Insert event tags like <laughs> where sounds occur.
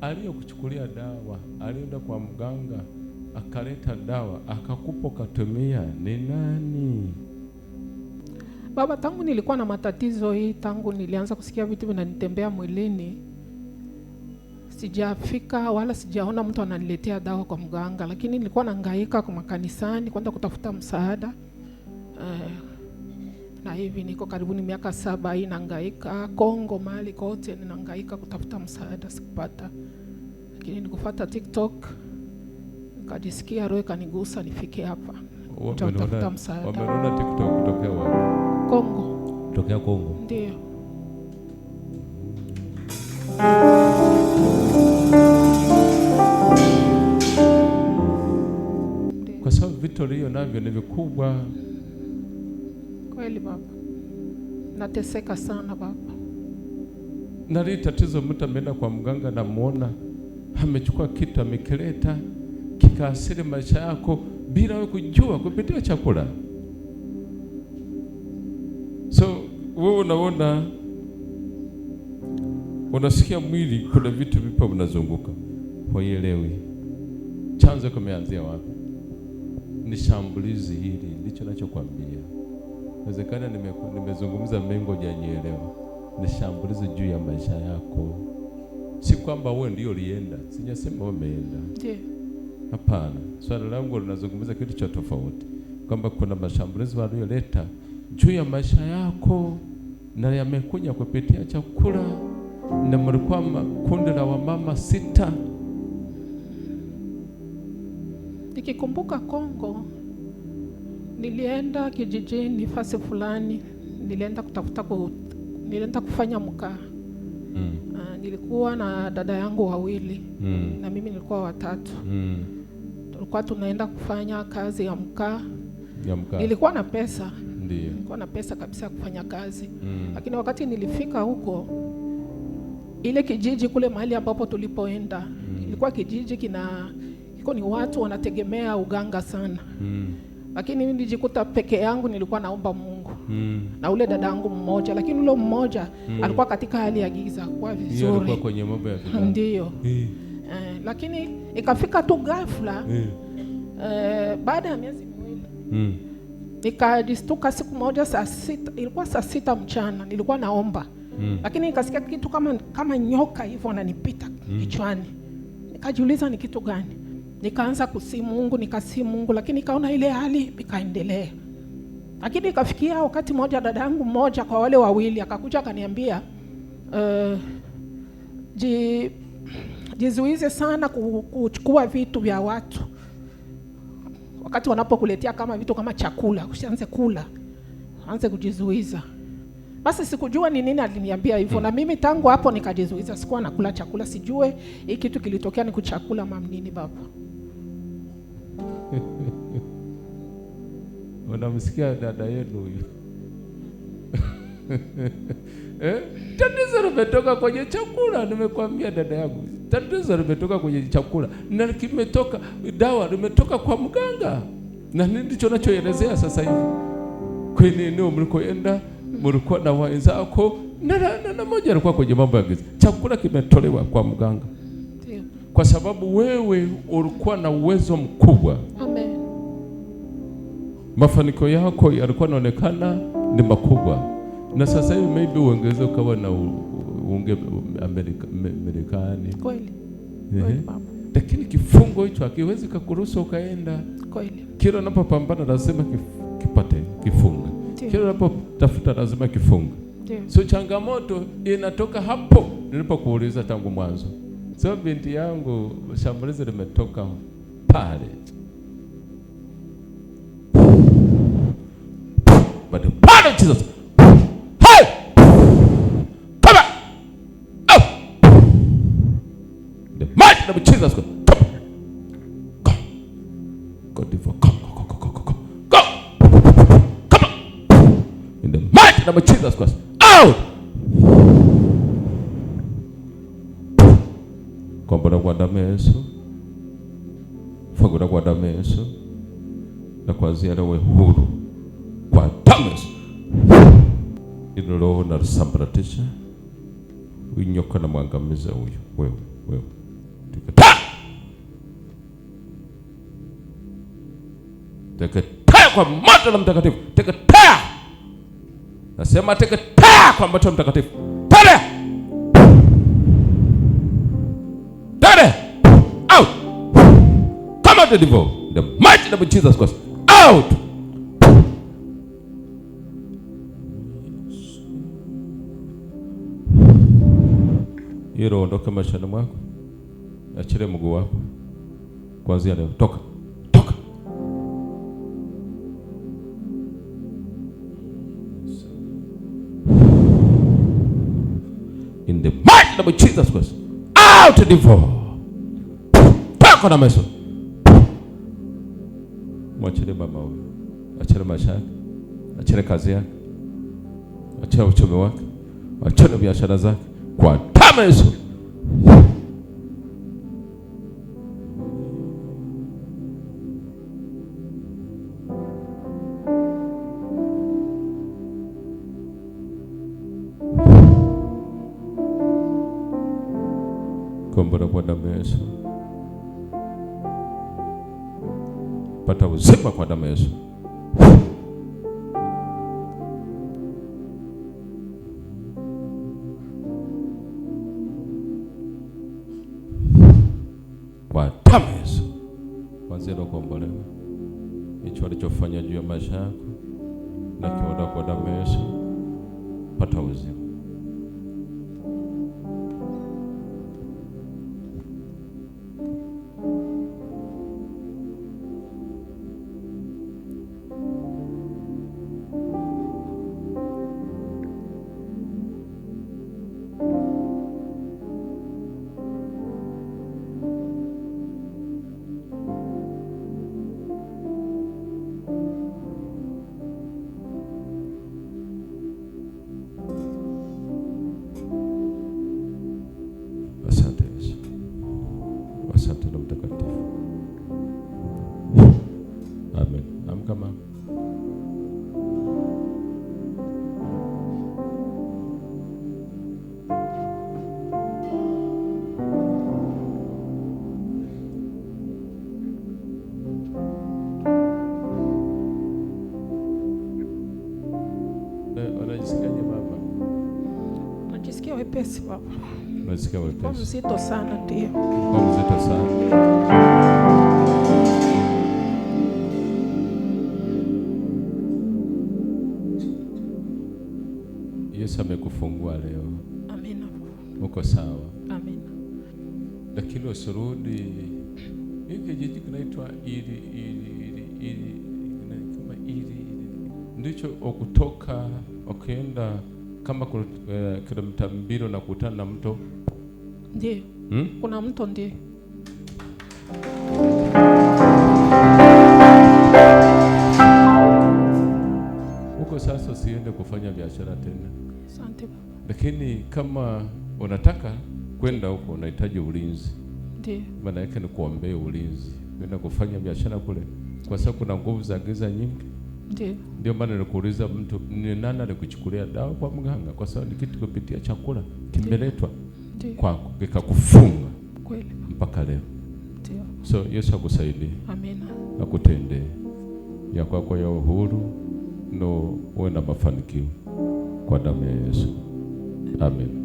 aliyokuchukulia dawa, alienda kwa mganga akaleta dawa akakupa katumia, ni nani? Baba, tangu nilikuwa na matatizo hii, tangu nilianza kusikia vitu vinanitembea mwilini, sijafika wala sijaona mtu ananiletea dawa kwa mganga, lakini nilikuwa na kwa makanisani kwenda kutafuta msaada eh na hivi niko karibuni miaka saba hii nangaika Kongo, mahali kote ninangaika kutafuta msaada sikupata, lakini nikufata TikTok nikajisikia roho ikanigusa nifike hapa kutafuta msaada. Wameona TikTok kutokea wapi? Kongo, kutokea Kongo ndio kwa sababu vitu ulivyo navyo ni vikubwa kweli Baba, nateseka sana Baba. Na tatizo, mtu ameenda kwa mganga, namuona amechukua kitu amekileta kikaasiri maisha yako bila wewe kujua, kupitia chakula. So wewe unaona, unasikia mwili, kuna vitu vipo vinazunguka, hoielewi chanzo kimeanzia wapi. Ni shambulizi hili, ndicho nachokwambia. Inawezekana nime, nimezungumza mengo hujanielewa. Ni shambulizo juu ya maisha yako, si kwamba wewe ndio ulienda. Sijasema wewe umeenda, hapana. Swala langu linazungumza kitu cha tofauti, kwamba kuna mashambulizi walioleta juu ya maisha yako na yamekuja kupitia chakula, na mlikuwa kundi la wamama sita. Nikikumbuka Kongo Nilienda kijijini fasi fulani, nilienda kutafuta ku, nilienda kufanya mkaa mm. Uh, nilikuwa na dada yangu wawili mm. na mimi nilikuwa watatu mm. tulikuwa tunaenda kufanya kazi ya mkaa ya mkaa. Nilikuwa na pesa Ndiyo. nilikuwa na pesa kabisa ya kufanya kazi mm. lakini wakati nilifika huko ile kijiji kule mahali ambapo tulipoenda mm. ilikuwa kijiji kina iko ni watu wanategemea uganga sana mm lakini mimi nilijikuta peke yangu, nilikuwa naomba Mungu mm. na ule dada yangu mmoja, lakini ule mmoja mm. alikuwa katika hali ya giza kwa vizuri kwenye mambo ya <laughs> ndio eh. eh, lakini ikafika tu ghafla eh. eh, baada ya miezi miwili mm. nikajistuka siku moja saa sita, ilikuwa saa sita mchana nilikuwa naomba mm. lakini nikasikia kitu kama kama nyoka hivyo ananipita mm. kichwani, nikajiuliza ni kitu gani nikaanza kusi Mungu, nikasi Mungu, lakini kaona ile hali ikaendelea. Lakini ikafikia wakati mmoja, dadangu mmoja kwa wale wawili akakuja akaniambia, uh, ji jizuize sana kuchukua vitu vya watu wakati wanapokuletea kama vitu kama chakula, usianze kula, anze kujizuiza. Basi sikujua ni nini aliniambia hivyo, hmm. na mimi tangu hapo nikajizuiza, sikuwa nakula chakula, sijue hii kitu kilitokea ni kuchakula mam nini baba. <laughs> Unamsikia dada yenu huyu <laughs> eh? Tatizo limetoka kwenye chakula, nimekwambia dada yangu, tatizo limetoka kwenye chakula na kimetoka dawa, limetoka kwa mganga, na ndicho nachoelezea sasa hivi kwenye eneo mlikoenda mlikuwa na wenzako na, na, na, na moja alikuwa kwenye mambo ya giza. Chakula kimetolewa kwa mganga Kwa sababu wewe ulikuwa na uwezo mkubwa Amen. Mafanikio yako yalikuwa yanaonekana ni makubwa, na sasa hivi maybe uongeze ukawa na unge Amerika, Marekani lakini kifungo hicho hakiwezi kukuruhusu ukaenda. kila unapopambana lazima kipate kifungo kila unapotafuta lazima kifunga. So changamoto inatoka hapo nilipokuuliza tangu mwanzo. So binti yangu, shambulizi limetoka pale But the of Jesus. Hey! Come on! Oh! The might of Jesus. name of Jesus Christ. Out! Kombona kwa damu ya kwa damu ya Yesu. Na kuanzia leo huru kwa damu ya Yesu. Hilo roho nalisambaratisha. Unyoka na mwangamiza huyo. Wewe, wewe. Tukataa. Tukataa kwa moto la mtakatifu. Tukataa nasema teketea kwa moto mtakatifu, tende tende out, come out the devil, the mighty name of Jesus Christ out. Hilo ondoke maishani mwako, achile mguu wako kuanzia leo, toka. the mighty name of Jesus Christ. Out of devil. Toka na Yesu. Mwachile mama huyu. Achile maisha yake. Achile kazi yake. Achile uchumi wake. Achile biashara zake. Kwa damu Yesu. Tunakuomba kwa damu ya Yesu, pata uzima kwa damu ya Yesu. Kwa damu ya Yesu, kwanza ndio kuombolewa hicho alichofanya juu ya maisha yako na kiondoa kwa damu ya Yesu, pata uzima wepesi baba. Umesikia mwepesi. Mzito sana ndio. Mzito sana. Yesu amekufungua leo. Amina. Uko sawa? Amina. Lakini usurudi hiki jiji kinaitwa ili ili ili kama ili ndicho okutoka ukienda kama eh, kilomita mbili unakutana na mto ndio, hmm? kuna mto ndio huko. Sasa usiende kufanya biashara tena. Asante baba. Lakini kama unataka kwenda huko unahitaji ulinzi, ndio maana yake ni kuombea ulinzi kwenda kufanya biashara kule, kwa sababu kuna nguvu za giza nyingi. Ndio. maana nilikuuliza mtu ni nani alikuchukulia dawa kwa mganga kwa sababu kitu kupitia chakula kimeletwa kwako kikakufunga kweli mpaka leo. Ndio. So Yesu akusaidie. Amina. Akutendee ya kwako ya uhuru no uwe na mafanikio kwa damu ya Yesu. amina